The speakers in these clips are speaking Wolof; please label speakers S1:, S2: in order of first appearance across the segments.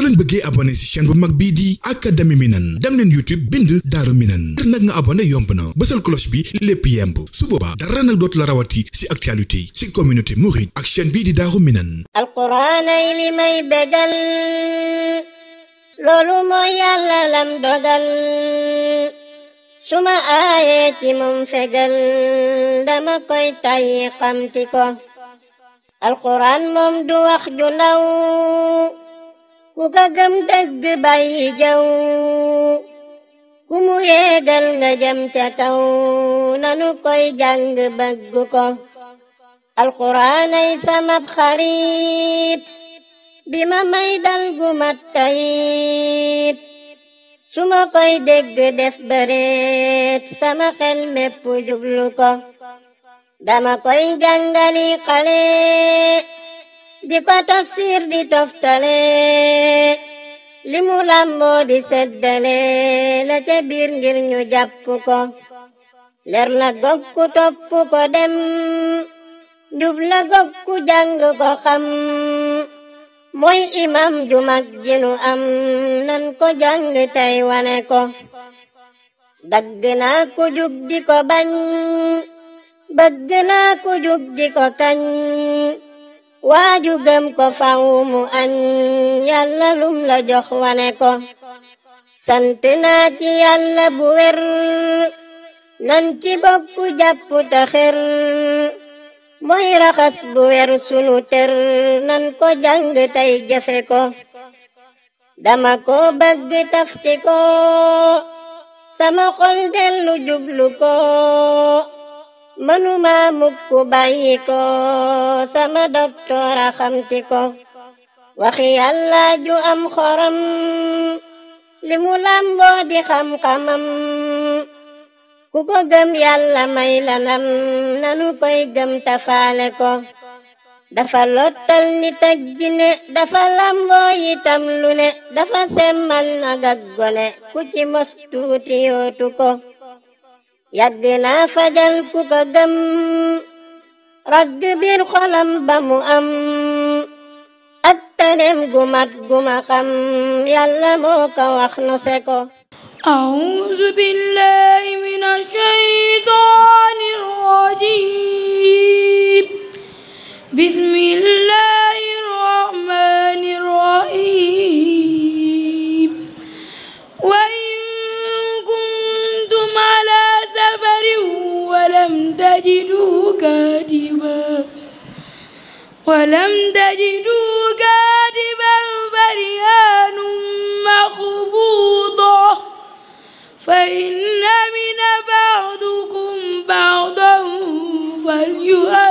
S1: soo leen bëggee abonné ci chaîne bu mag bii di académie Minane dem leen YouTube bind Daaru Minane ngir nag nga abonné yomb na bësal cloche bi lépp yemb su boobaa dara
S2: loolu mooy yàlla lam dogal suma aayee ci moom fegal dama koy tayyi xamti ko alquran moom du wax ju ku ko gëm dëgg bàyyi jaw ku mu yeegal nga jëm ca kaw nanu koy jàng bëgg ko alxuraanay samab xarit bi ma may dal gu mat tayit su ma koy dégg def bëreet sama xel mépp jublu ko dama koy jàngali xale di ko tafsir di toftale li mu làmboo di seddale la ngir ñu jàpp ko leer la gokku topp ko dem jub la gokku jàng ko xam mooy imam ju mag am nan ko jàng tey ko dagg naa ku jug di bañ bëgg naa ku jug di kañ waaju gëm ko faw mu añ yàlla la jox wane ko sant naa ci yàlla bu wér nan ci bokk jàpp ta raxas bu wér sunu tër nan ko jàng tey jëfe ko dama ko bëgg tafti ko sama xol dellu jublu ko mënuma mukk bàyyi ko sama doktora xamti ko waxi yàlla ju am xorom li mu làmboo di xam-xamam ku ko gëm yàlla may lanam nanu koy gëm tafaale ko dafa lottal nit ak jinne dafa làmboo yitam lu ne dafa semmal nag ak gone ku ci mos tuuti ko yàgg naa fajal ku ko gëm ragg mu am ak taneem gu mat gu ma xam yàlla moo ko wax nu se
S3: ولم تجدوا كاتبا ولم تجدوا كاتبا فرهان مقبوضة فإن من بعضكم بعضا فليؤمن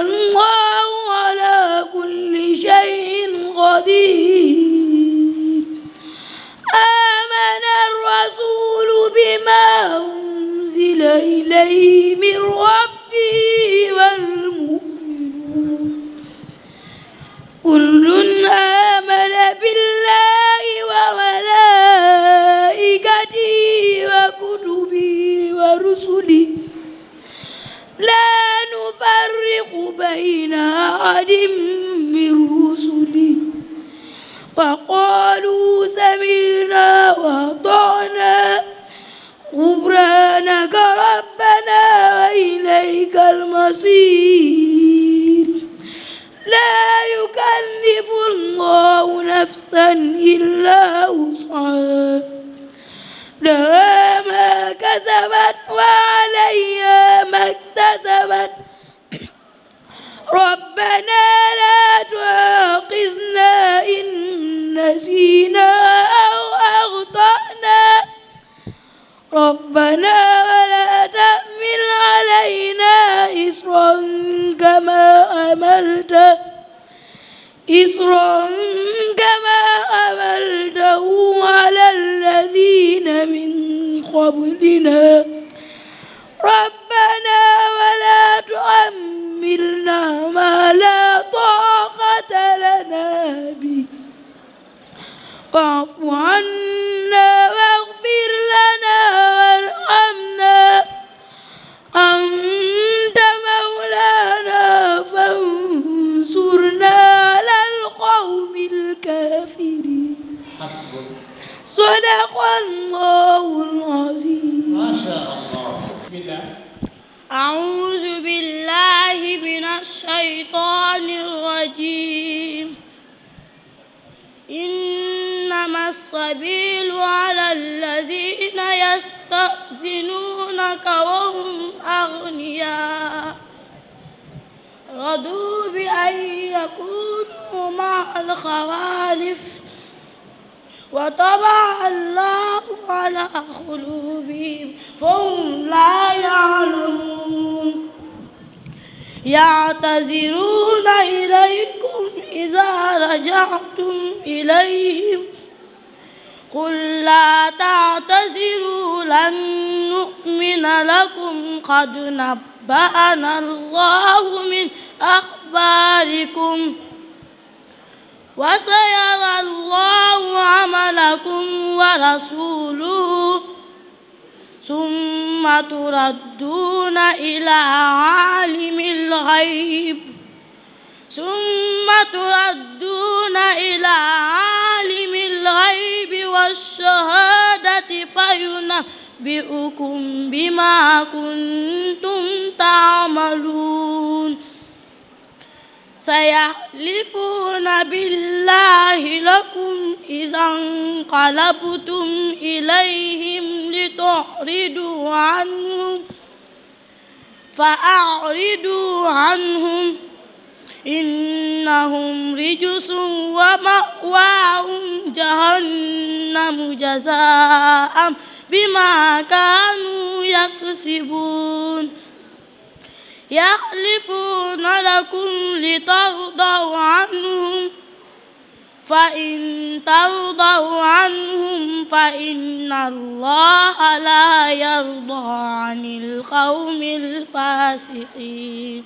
S3: والله على كل شيء قدير آمن الرسول بما أنزل إليه بين أحد من رسله وقالوا سمعنا وأطعنا غفرانك ربنا وإليك المصير لا يكلف الله نفسا إلا وسعها لها ما كسبت وعليها ما اكتسبت ربنا لا تؤاخذنا إن نسينا أو أخطأنا ربنا ولا تحمل علينا إصرا كما حملته إصرا كما حملته على الذين من قبلنا Sadaqallaahu l-aziim. Maashaa Allaah. A'uuzu billaahi mina shaytaani rajiim. Innamaa sabiilu alaa llaziina yasta'zinuunaka wa hum aghniyaa. Raduu bi an yakuunuu ma'a l-khawaalif وطبع الله على قلوبهم فهم لا يعلمون يعتذرون إليكم إذا رجعتم إليهم قل لا تعتذروا لن نؤمن لكم قد نبأنا الله من أخباركم وسيرى الله عملكم ورسوله ثم تردون إلى عالم الغيب ثم تردون إلى عالم الغيب والشهادة فينبئكم بما كنتم تعملون سيحلفون بالله لكم إذا انقلبتم إليهم لتعرضوا عنهم فأعرضوا عنهم إنهم رجس ومأواهم جهنم جزاء بما كانوا يكسبون يحلفون لكم لترضوا عنهم فإن ترضوا عنهم فإن الله لا يرضى عن القوم الفاسقين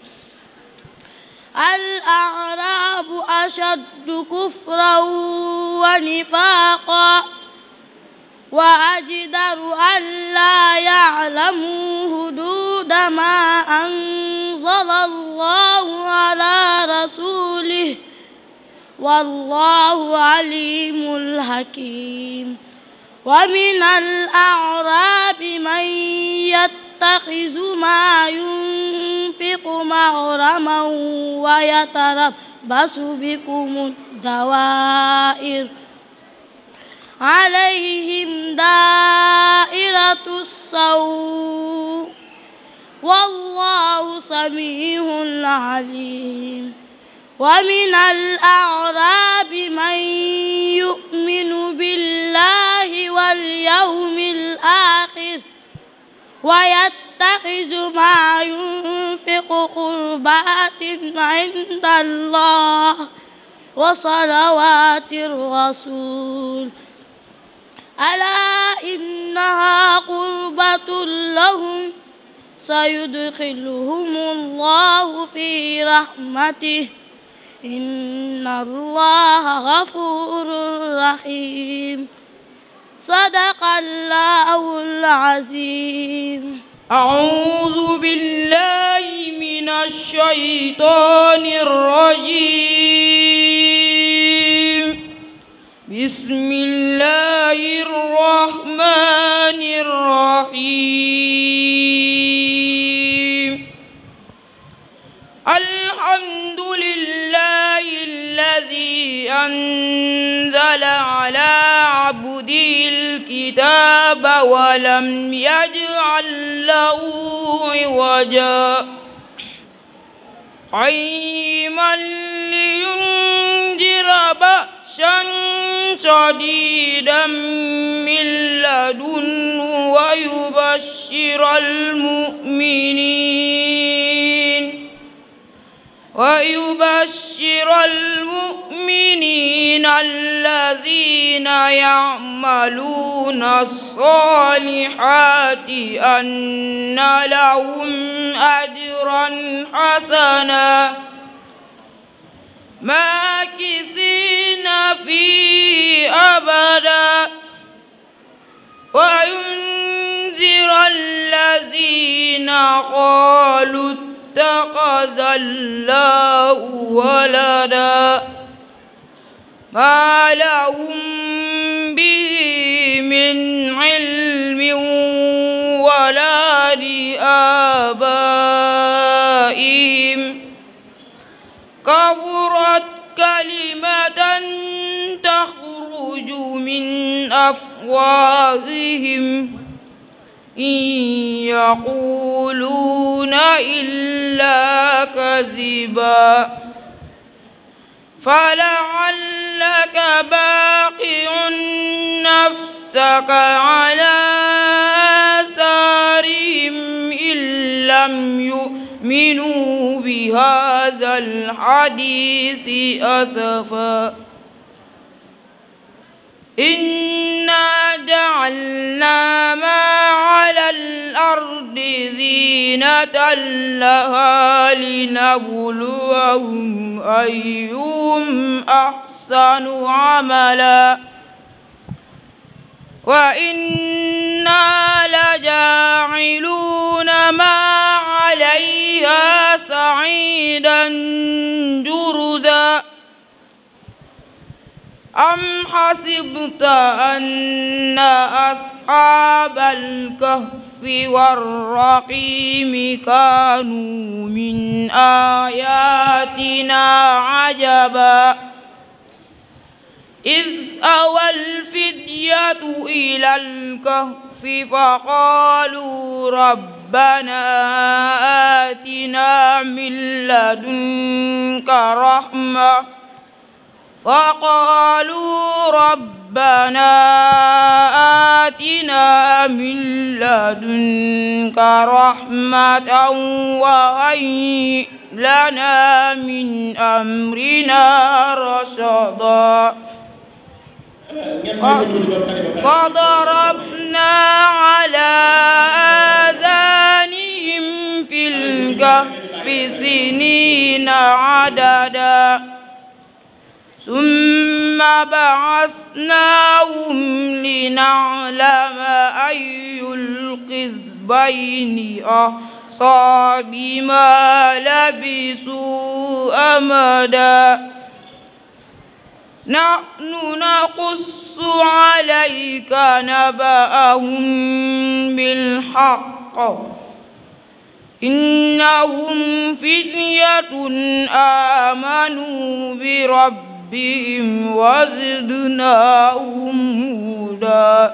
S3: الأعراب أشد كفرا ونفاقا وأجدر ألا يعلموا حدود ما أن ورسوله والله عليم حكيم ومن الأعراب من يتخذ ما ينفق مغرما ويتربص بكم الدوائر عليهم دائرة السوء والله سميع عليم ومن الأعراب من يؤمن بالله واليوم الآخر ويتخذ ما ينفق قربات عند الله وصلوات الرسول ألا إنها قربة لهم سيدخلهم الله في رحمته inna allaha ghafurur rahim sadaqallahul azim a'udhu billahi minash shaytanir rajim bismillahir rahmanir rahim الحمد لله الذي أنزل على عبده الكتاب ولم يجعل له عوجا قيما لينذر بأسا شديدا من لدنه ويبشر المؤمنين ويبشر المؤمنين الذين يعملون الصالحات أن لهم أجرا حسنا ماكثين فيه أبدا وينذر الذين قالوا اتخذ الله ولدا ما لهم به من علم ولا لآبائهم كبرت كلمة تخرج من أفواههم إن يقولون إلا كذبا فلعلك باقع نفسك على آثارهم إن لم يؤمنوا بهذا الحديث أسفا إنا جعلنا ما على الأرض زينة لها لنبلوهم أيهم أحسن عملا وإنا لجاعلون ما عليها صعيدا جرزا أم حسبت أن أصحاب الكهف والرقيم كانوا من آياتنا عجبا إذ أوى الفدية إلى الكهف فقالوا ربنا آتنا من لدنك رحمة وقالوا ربنا آتنا من لدنك رحمة وهيئ لنا من أمرنا رشدا فضربنا على آذانهم في الكهف سنين عددا ثم بعثناهم لنعلم أي القزبين أحصى بما لبثوا أمدا نحن نقص عليك نبأهم بالحق إنهم فتية آمنوا بربهم ربهم وزدناهم هدى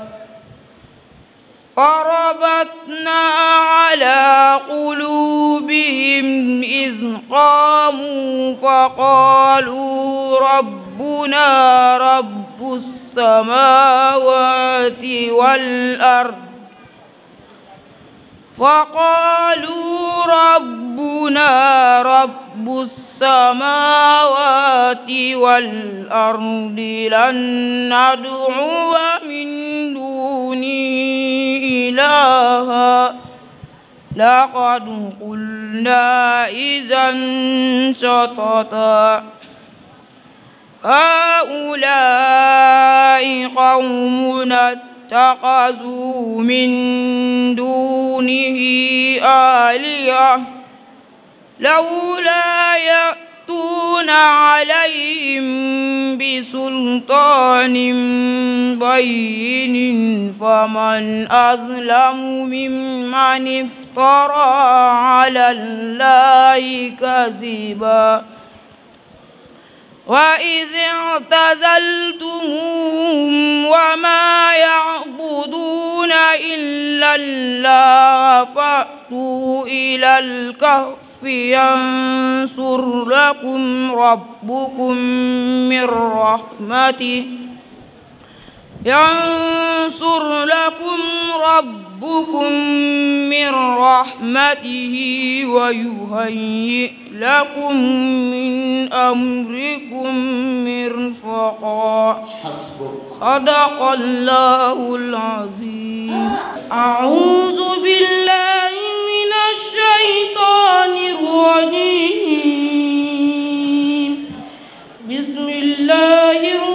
S3: وربطنا على قلوبهم إذ قاموا فقالوا ربنا رب السماوات والأرض فقالوا ربنا رب السماوات والأرض لن ندعو من دونه إلها لقد قلنا إذا شططا هؤلاء قومنا اتخذوا من دونه آلهة لولا يأتون عليهم بسلطان بين فمن أظلم ممن افترى على الله كذبا وإذ اعتزلتموهم وما يعبدون إلا الله فأتوا إلى الكهف ينصر لكم ربكم من رحمته yansur lakum rabbukum min rahmatihi wa yuhayyi lakum min amrikum mirfaqa sadaqallahu al-azim a'udhu billahi minash shaytanir rajim bismillahir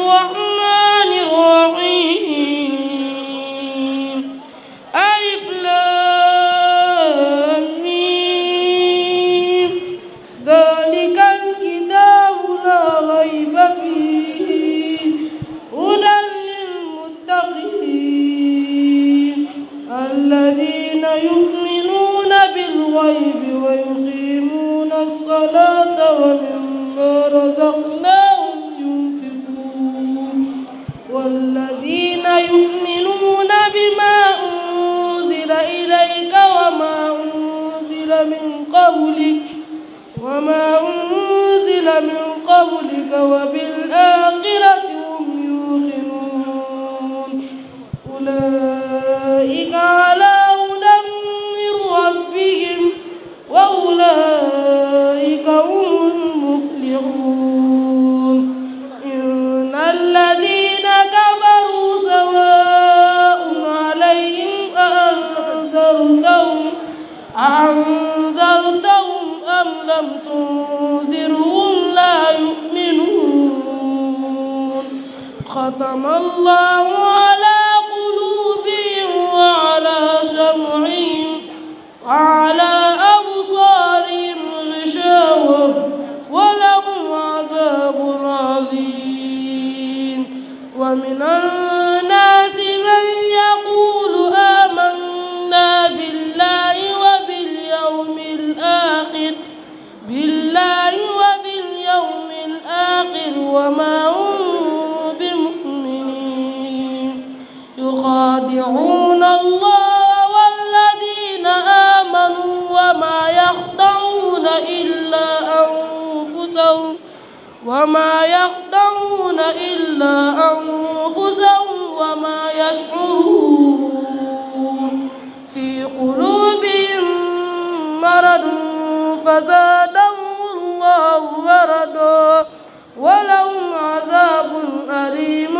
S3: أولئك على هدى من ربهم وأولئك هم المفلحون
S2: إن
S3: الذين كفروا سواء عليهم أأنذرتهم أأنذرتهم أم لم تنذرهم لا يؤمنون ختم الله وزادهم الله وردا ولهم عذاب أليم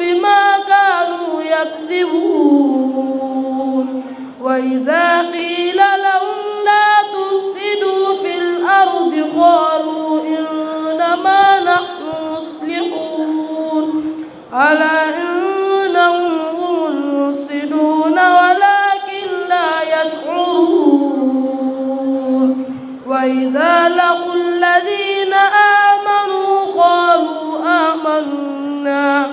S3: بما كانوا يكذبون وإذا قيل لهم لا تفسدوا في الأرض قالوا إنما نحن مصلحون ألا لقوا الذين آمنوا قالوا آمنا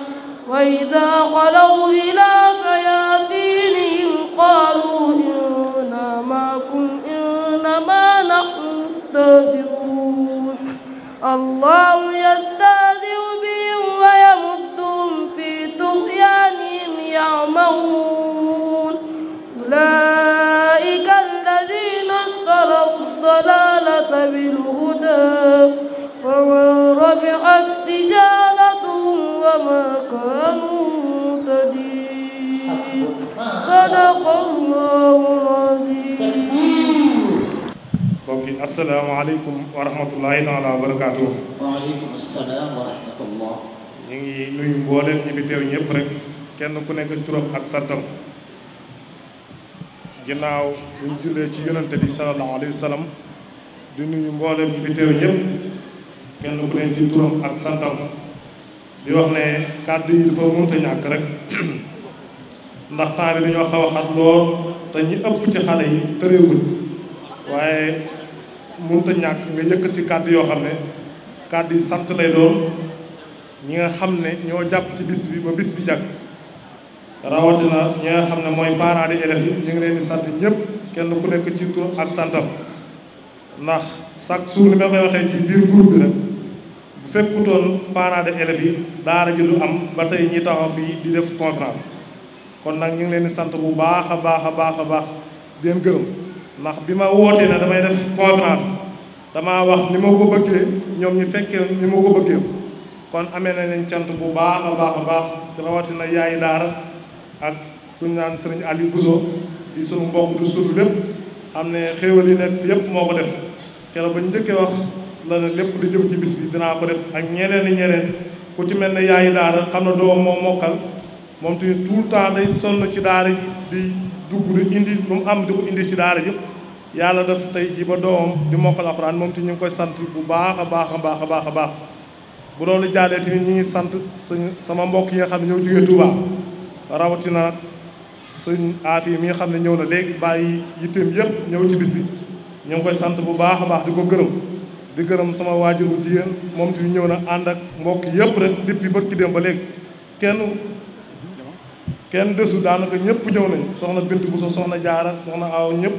S3: وإذا خلوا إلى شياطينهم قالوا إنا معكم إنما نحن مستهزئون الله
S1: asalaamaaleykum wa rahmatullahi taala wa barakaatu. waaleykum salaam wa rahmatullah. ñu ngi nuyu mbooleem ñi fi teew ñëpp rek kenn ku nekk turam ak santam. ginnaaw buñ jullee ci yonante bi sallallahu di nuyu mbooleem ñi fi teew ku nekk ci di wax ne kàddu yi dafa mënta ñàkk rek ndax temps bi dañoo xaw a xat lool te ñi ëpp ci xale yi tëreewuñ waaye. mënut a ñàkk nga yëkkati kàddu yoo xam ne kàddu yi sant lay doon ñi nga xam ne ñoo jàpp ci bis bi ba bis bi jag rawatina ñi nga xam ne mooy parents di yi ñu ngi leen di sant ñëpp kenn ku nekk ci tur ak santam ndax chaque jour ni ma koy waxee ci biir groupe bi rek bu fekkutoon parents de élèves yi daara ji lu am ba tey ñi taxaw fii di def conférence kon nag ñu ngi leen di sant bu baax a baax a baax a baax di leen gërëm ndax bi ma wootee na damay def conférence damaa wax ni ma ko bëggee ñoom ñu fekkee ni ma ko bëggee kon amee na leen cant bu baax a baax a baax rawatina yaayi daara ak kuñ naan sëriñ Aliou Bousso di sunu mbokk du sunu lépp xam ne xéewal yi nekk fi yépp moo ko def keroog ba njëkkee wax la ne lépp di jëm ci bis bi danaa ko def ak ñeneen ñeneen ku ci mel ne yaayi daara xam na doom moo mokkal moom tamit tout le temps day sonn ci daara di dugg di indi lu mu am di ko indi ci daara yëpp yàlla def tey ji ba doomam di mokkal alxuraan moom ti ñu ngi koy sant bu baax a baax a baax a baax a baax bu loolu jaalee tamit ñu ngi sant sama mbokk yi nga xam ne ñoo jógee Touba rawatina nag sëñ aafi mi nga xam ne ñëw na léegi bàyyi yitteem yëpp ñëw ci bis bi ñu ngi koy sant bu baax a baax di ko gërëm di gërëm sama waajur bu jigéen moom tamit ñëw na ànd ak mbokk yëpp rek depuis bët ki dem ba léegi kenn kenn desu daanaka ñëpp ñëw nañ soxna bint bu sa soxna jaara soxna aw ñëpp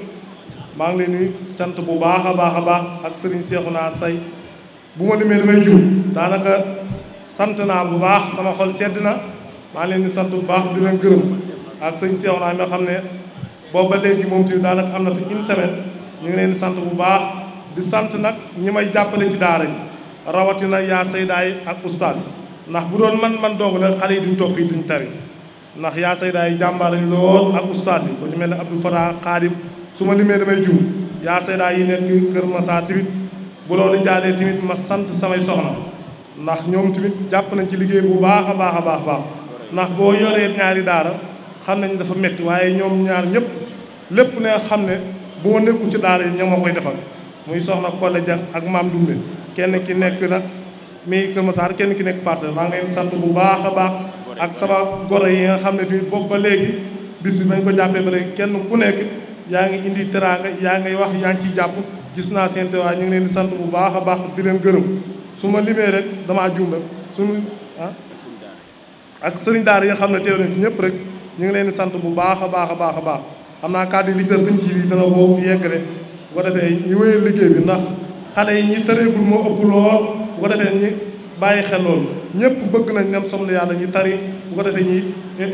S1: maa ngi leen di sant bu baax a baax a baax ak sëriñ Seexuna Say bu ma limee damay jur daanaka sant naa bu baax sama xol sedd na maa ngi leen di sant bu baax di leen gërëm ak sëriñ Seexuna mi xam ne booba léegi moom tamit daanaka am na fi une ngi leen sant bu baax di sant nag ñi may jàppale ci daara ji rawatina yaa saydaay ak ustaas ndax bu doon man man dong la xale yi duñ toog fii duñ tari ndax yaa sayda yi jàmbaar lañ lool ak ustaas yi ko mel ne Abdou Fata Xaadim su ma limee damay juum yaa sayda yi nekk Kër Massa tamit bu loolu jaalee tamit ma sant samay soxna ndax ñoom tamit jàpp nañ ci liggéey bu baax a baax a baax baax ndax boo yoree ñaari daara xam nañ dafa métti waaye ñoom ñaar ñëpp lépp ne xam ne bu ma nekku ci daara yi ña ma koy defal muy soxna Kolle Dieng ak maam Dumbe kenn ki nekk nag mi Kër Massar kenn ki nekk Parcelles maa ngi sant bu baax ak sama goro yi nga xam ne fii boobu ba léegi bis bi mañ ko jàppee ba léegi kenn ku nekk yaa ngi indi teraanga yaa ngi wax yaa ngi ciy jàpp gis naa seen teewaay ñu ngi leen di sant bu baax a baax di leen gërëm su ma limee rek damaa juum rek ah? ak sëriñ daara xam ne teew nañ fi ñëpp rek ñu ngi leen di sant bu baax a baax a baax a baax xam naa kàddu yi li des sëñ ji yi dana ko yeggale bu ko defee ñu wéyal liggéey bi ndax xale yi ñi tëreegul moo ëpp lool bu ko defee ñi bàyyi xel loolu ñëpp bëgg nañ nem somlu yàlla ñu tari bu ko defee ñi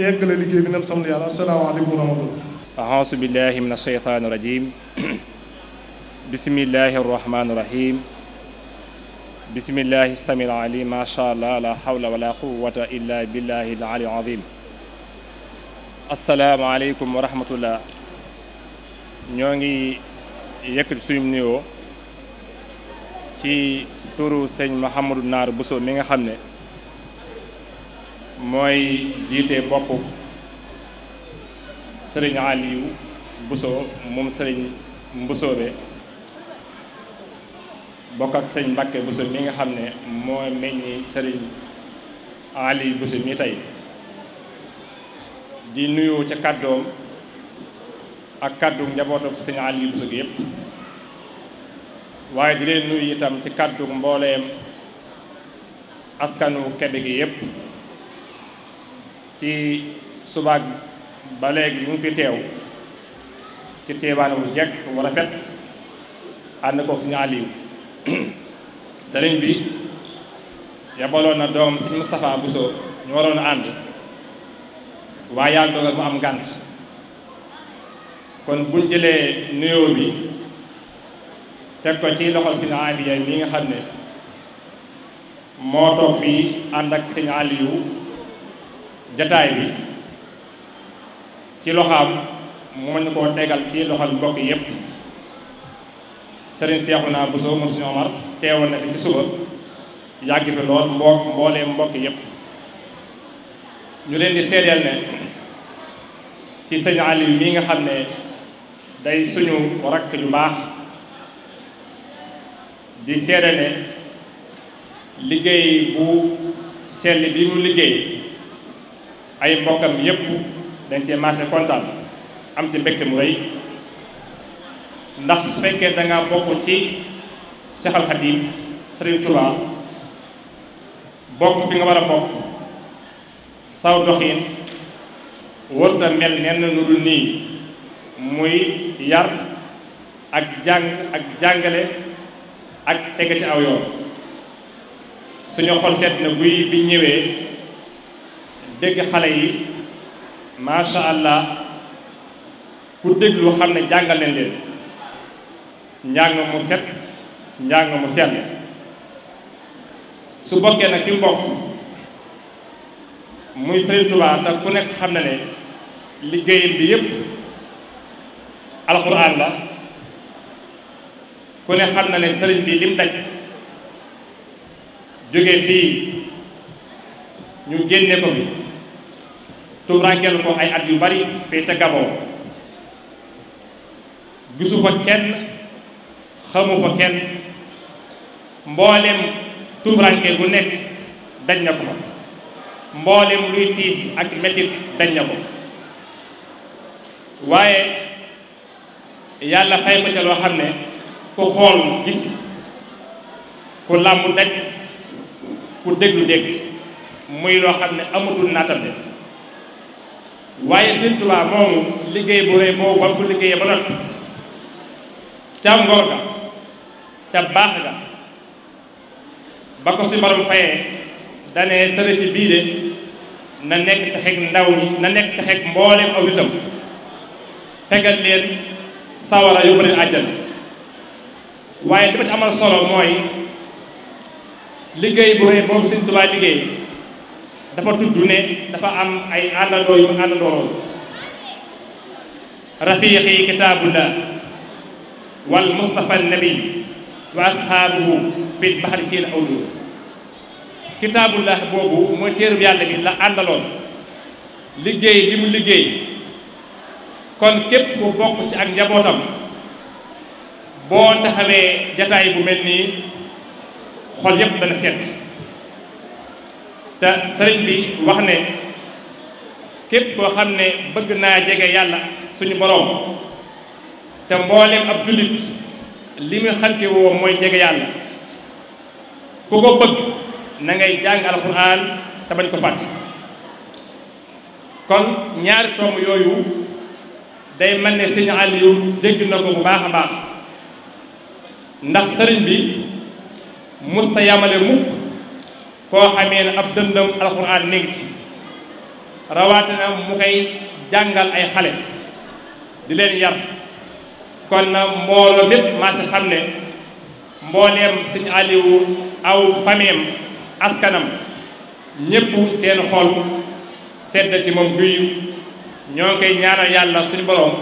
S1: yeggale liggéey bi nem somlu yàlla asalaamaaleykum wa rahmatullah
S4: ahousu billahi min ma sha la hawla wala quwata illa billahi al ali azim asalaamaaleykum wa rahmatullah ñoo ngi yëkkati suñu ci turu sëñ Mouhamadou Naar buso mi nga xam ne mooy jiite bopp sëriñ Aliou Bousso moom sëriñ Mbusoobe bokk ak sëñ Mbàkke Bousso mi nga xam ne moo meññi sëriñ Aliou Bousso mi tey di nuyu ca kàddoom ak kàddu njabootu sëñ Aliou Bousso gi yëpp waaye di nuyu itam ci kàddu mbooleem askanu kebe gi yépp ci subaag ba léegi mu ngi fi teew ci teewaane wu jekk wu rafet ànd ko suñu Aliou sëriñ bi yabaloon na doom suñu Moustapha Bousso ñu waroon a ànd waaye yàlla dogal mu am ngànt kon buñ jëlee nuyoo bi teg ko ci loxol sëñ Aafiya mi nga xam ne moo toog fii ànd ak sëñ jataay bi ci loxaam moo ñu koo tegal ci loxol mbokk yépp sëriñ Seexuna Buso moom sëñ Omar teewoon na fi ci suba yàgg fi lool mboo mboolee mbokk yépp ñu leen di seedeel ne ci sëñ Aliou mi nga xam ne day suñu rakk ju baax di seede ne liggéey bu sell bi mu liggéey ay mbokkam yépp dañ cee maase kontaan am ci mbégte mu rëy ndax su fekkee da bokk ci Cheikh Al Khadim Serigne Touba bokk fi nga war a bokk saw doxin warta mel nenn nu dul nii muy yar ak jàng ak jàngale ak tege ci aw yoon suñu xol seet na guy bi ñëwee dégg xale yi macha allah ku déglu xam ne jàngal leen leen njàng mu set njàng mu sell su bokkee nag fi mbokk muy Sëriñ Tuubaa te ku nekk xam na ne liggéeyam bi yépp alxuraan la ku ne xam na ne sëriñ bi lim daj jóge fii ñu génne ko fi tubrankel ko ay at yu bari fee ca Gabon gisu fa kenn xamu fa kenn mboolem tubranke bu nekk dañ na ko fa mboolem luy tiis ak metit dañ na ko waaye yàlla fay ko xam ne ku xool gis ku làmb daj ku déglu dégg muy loo xam ne amatul naatale waaye Sëriñ moomu liggéey bu rëy boobu ba mu ko liggéeyee ba noppi ca ngor ga te baax ga ba ko si borom fayee danee sërë ci bii ndaw ñi na nekk waaye li ci amal solo mooy liggéey bu rëy boobu Sëñ Tuubaa liggéey dafa tudd ne dafa am ay àndandoo yu àndandoo rafiqi kitaabullah wal mustafa nabi wa ashaabuhu fil bahri hiina awdu kitaabullah boobu mooy téerub yàlla bi la àndaloon liggéey li mu liggéey kon képp ku bokk ci ak njabootam boo taxawee jataay bu mel nii xol yépp dana sedd te sëriñ bi wax ne képp koo xam ne bëgg naa jege yàlla suñu borom te mboolem ab jullit li muy xante woo mooy jege yàlla ku ko bëgg na ngay jàng alxuraan te bañ ko fàtte kon ñaari tomb yooyu day mel ne sëñ Aliou dégg na ko bu baax a baax ndax sëriñ bi musta yamale mukk koo xamee na ab dëndam alxuraan néeg ci rawatina mu koy jàngal ay xale di leen yar kon na mbooloo mépp maa si xam ne mbooleem suñu aliwu aw fameem askanam ñépp seen xol sedd ci moom guyu ñoo koy ñaanal yàlla suñu borom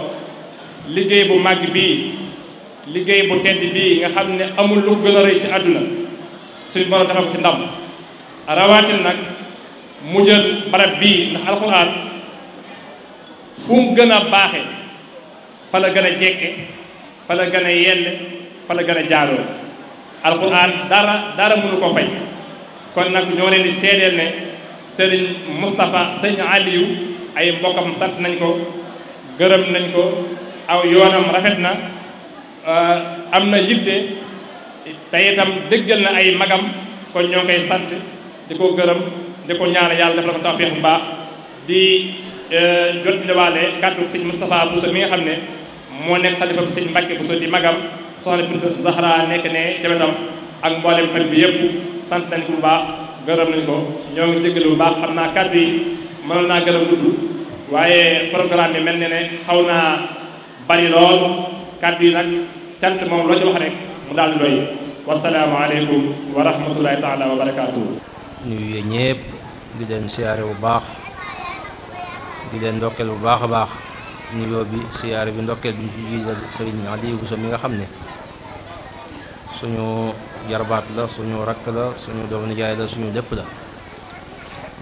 S4: liggéey bu màgg bii liggéey bu tedd bii nga xam ne amul lu gën a rëy ci àdduna suñu borom dafa ko ci ndam rawatina nag mu jël barab bii ndax alxuraan fu gën a baaxe fa gën a jekke fa la gën a yelle fa gën a jaaroo alxuraan dara dara mënu ko fay kon nag ñoo leen di seedeel ne sëriñ Moustapha sëriñ Aliou ay mbokkam sant nañ ko gërëm nañ ko aw yoonam rafet na Euh, am na yitte te itam déggal na ay magam kon ñoo koy sant di ko gërëm di ko ñaan yàlla defal ko tawfeex bu baax di euh, jot liwaale kàddu sëñ Moustapha Bousso mi nga xam ne moo nekk xalifa di magam soxna Bintu nekk ne ca ak mboolem fan bi yëpp bu baax gërëm nañ ko ñoo ngi jégalu bu baax xam naa kàddu yi mënoon naa gën a waaye programme bi mel ne ne xaw naa bari lool kàddu yi nag cant moom loo ci wax rek mu daal di doy wasalaamaaleykum wa rahmatulahi taala wa barakaatu.
S5: nuyu yéen leen siyaare bu baax di leen ndokkeel bu baax a baax nuyoo bi siyaare bi ndokkeel bi ñu ci mi nga xam ne suñu jarbaat la suñu rakk la suñu doomu nijaay la suñu lépp la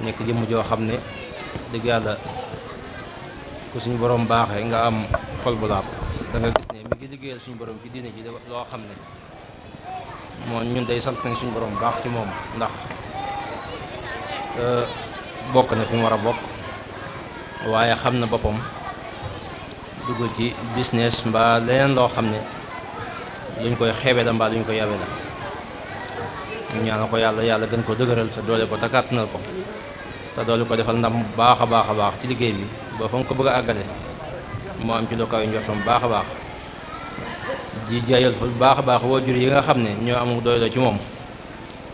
S5: nekk jëmm joo xam ne dëgg yàlla ku suñu borom baaxee nga am xol bu laab liggéeyal suñu borom ci diine ji loo xam ne moom ñun day sant suñu borom baax ci moom ndax euh, bokk na fi war a bokk waaye xam na boppam dugg ci business mbaa leen loo xam ne luñ koy xeebee la mbaa luñ koy yabee la ñu ñaanal ko yàlla yàlla gën ko dëgëral sa doole ko te kàttanal ko te doole ko defal ndam baax a baax a baax ci liggéey bi ba fa nga ko bëgg a àggale moo am ci loo kaw njortam baax a baax di jaajël fa baax a baax waajur yi nga xam ne ñoo amul doy ci moom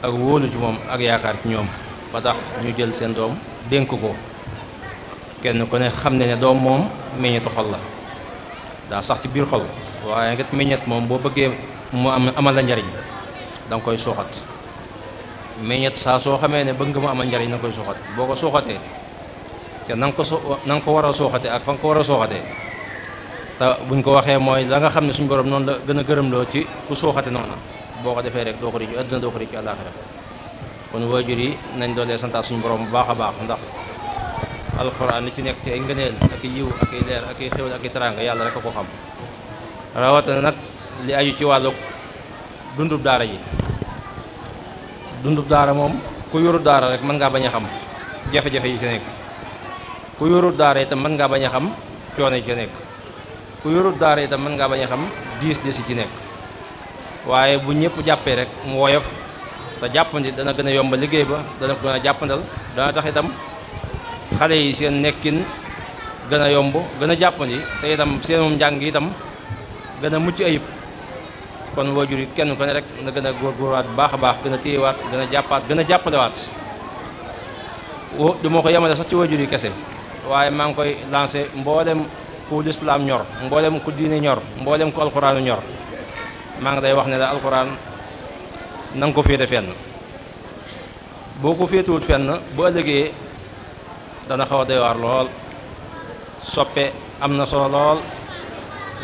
S5: ak wóolu ci moom ak yaakaar ci ñoom ba tax ñu jël seen doom dénk ko kenn ku ne xam ne ne doom moom meññetu xol la daa sax ci biir xol waaye ngat meñet moom boo bëggee mu am amal la njariñ da koy suuxat meññet saa soo xamee ne bëgg nga mu amal njariñ na koy suuxat boo ko suuxatee te na ko na nga ko war a suuxatee ak fa nga ko war a suuxatee te buñ ko waxee mooy la nga xam ne suñu borom noonu la gën a gërëmloo ci ku suuxate noonu boo ko defee rek doo ko rëccu àdduna doo ko rëccu àllaaxira kon waajur yi nañ doole santaat suñu boroom bu baax a baax ndax alxuraan li ci nekk ci ay ngëneel ak i yiw ak i leer ak i xéwal ak i teraanga yàlla rek a ko xam rawatina nag li aju ci wàllu dundub daara yi dundub daara moom ku yoru daara rek mën ngaa bañ a xam jafe-jafe yi ci nekk ku yoru daara mën ngaa bañ a xam coono yi ku yorut daara itam mën ngaa bañ xam diis diis yi ci nekk waaye bu ñëpp jàppee rek mu woyof te jàppandi dana gën a yomb liggéey ba dana ko gën a jàppandal dana tax itam xale yi seen nekkin gën a yomb gën a jàppandi te itam seenum njàng itam gën a mucc ayib kon waajur yi kenn ku ne rek na gën a góorgóorwaat bu baax a baax gën a téyewaat gën a jàppaat gën a jàppalewaat du ma ko yemale sax ci waajur yi kese waaye maa ngi koy lancé mboolem ku lislaam ñor mboolem ku diine ñor mboolem ku alxuraanu ñor maa ngi day wax ne la alxuraan na ko féete fenn boo ko féetewut fenn bu ëllëgee dana xaw a doy lool soppe am na solo lool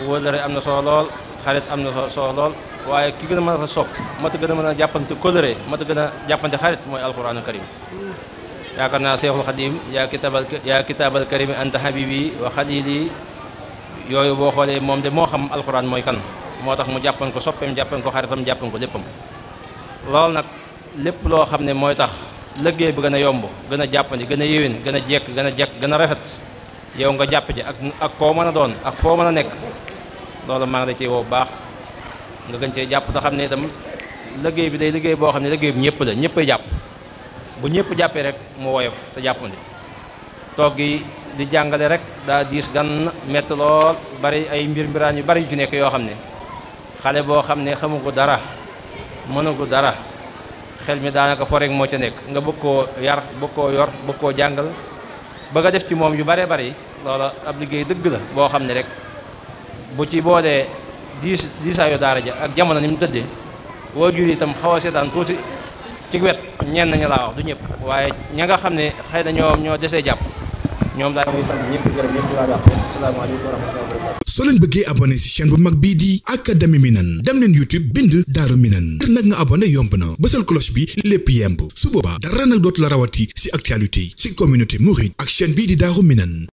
S5: wóllëre am na solo lool xarit am na solo lool waaye ki gën a mën a sopp mata gën a mën a jàppante kóllëre mata gën a jàppante xarit mooy alxuraanu karim yaakaar naa seexul xadim yaa kitaabal yaa kitaabal karimi anta habibi wa xalili yooyu boo xoolee moom de moo xam alxuraan mooy kan moo tax mu jàppan ko soppeem jàppan ko xaritam jàppan ko léppam loolu nag lépp loo xam ne mooy tax liggéey bi gën a yomb gën a jàppandi gën a yéwén gën a jekk gën a jekk gën rafet yow nga jàpp ci ak ak koo mën a doon ak foo mën a nekk loolu maa ngi la ci woo baax nga gën cee jàpp te xam ne itam liggéey bi day liggéey boo xam ne liggéey bi ñëpp la ñëppay jàpp bu ñëpp jàppee rek mu woyof te jàppandi toog di jàngale rek daa diis gan metti lool bari ay mbir mbiraan yu bari yu nekk yoo xam ne xale boo xam ne xamu ko dara mënu ko dara xel mi daanaka fo rek moo ca nekk nga bëgg koo yar bëgg koo yor bëgg koo jàngal bëgg a def ci moom yu baree bari loola ab liggéey dëgg la boo xam ne rek bu ci boolee diis diisaayu daara ja ak jamono ni mu tëddee waajur yi itam xaw a seetaan tuuti ci wet ñeen nañu laa wax du ñëpp waaye ña nga xam ne xëy na ñoo ñoo desee jàpp ñoom daal
S1: soo leen bëggee abone si chaîne bu mag bii di académie Minane dem leen YouTube bind Daaru Minane ngir nag nga abonné yomb na bësal cloche bi lépp yemb su boobaa dara nag dootu la rawati si actualité si communauté mouride ak chaîne bii di Daaru Minane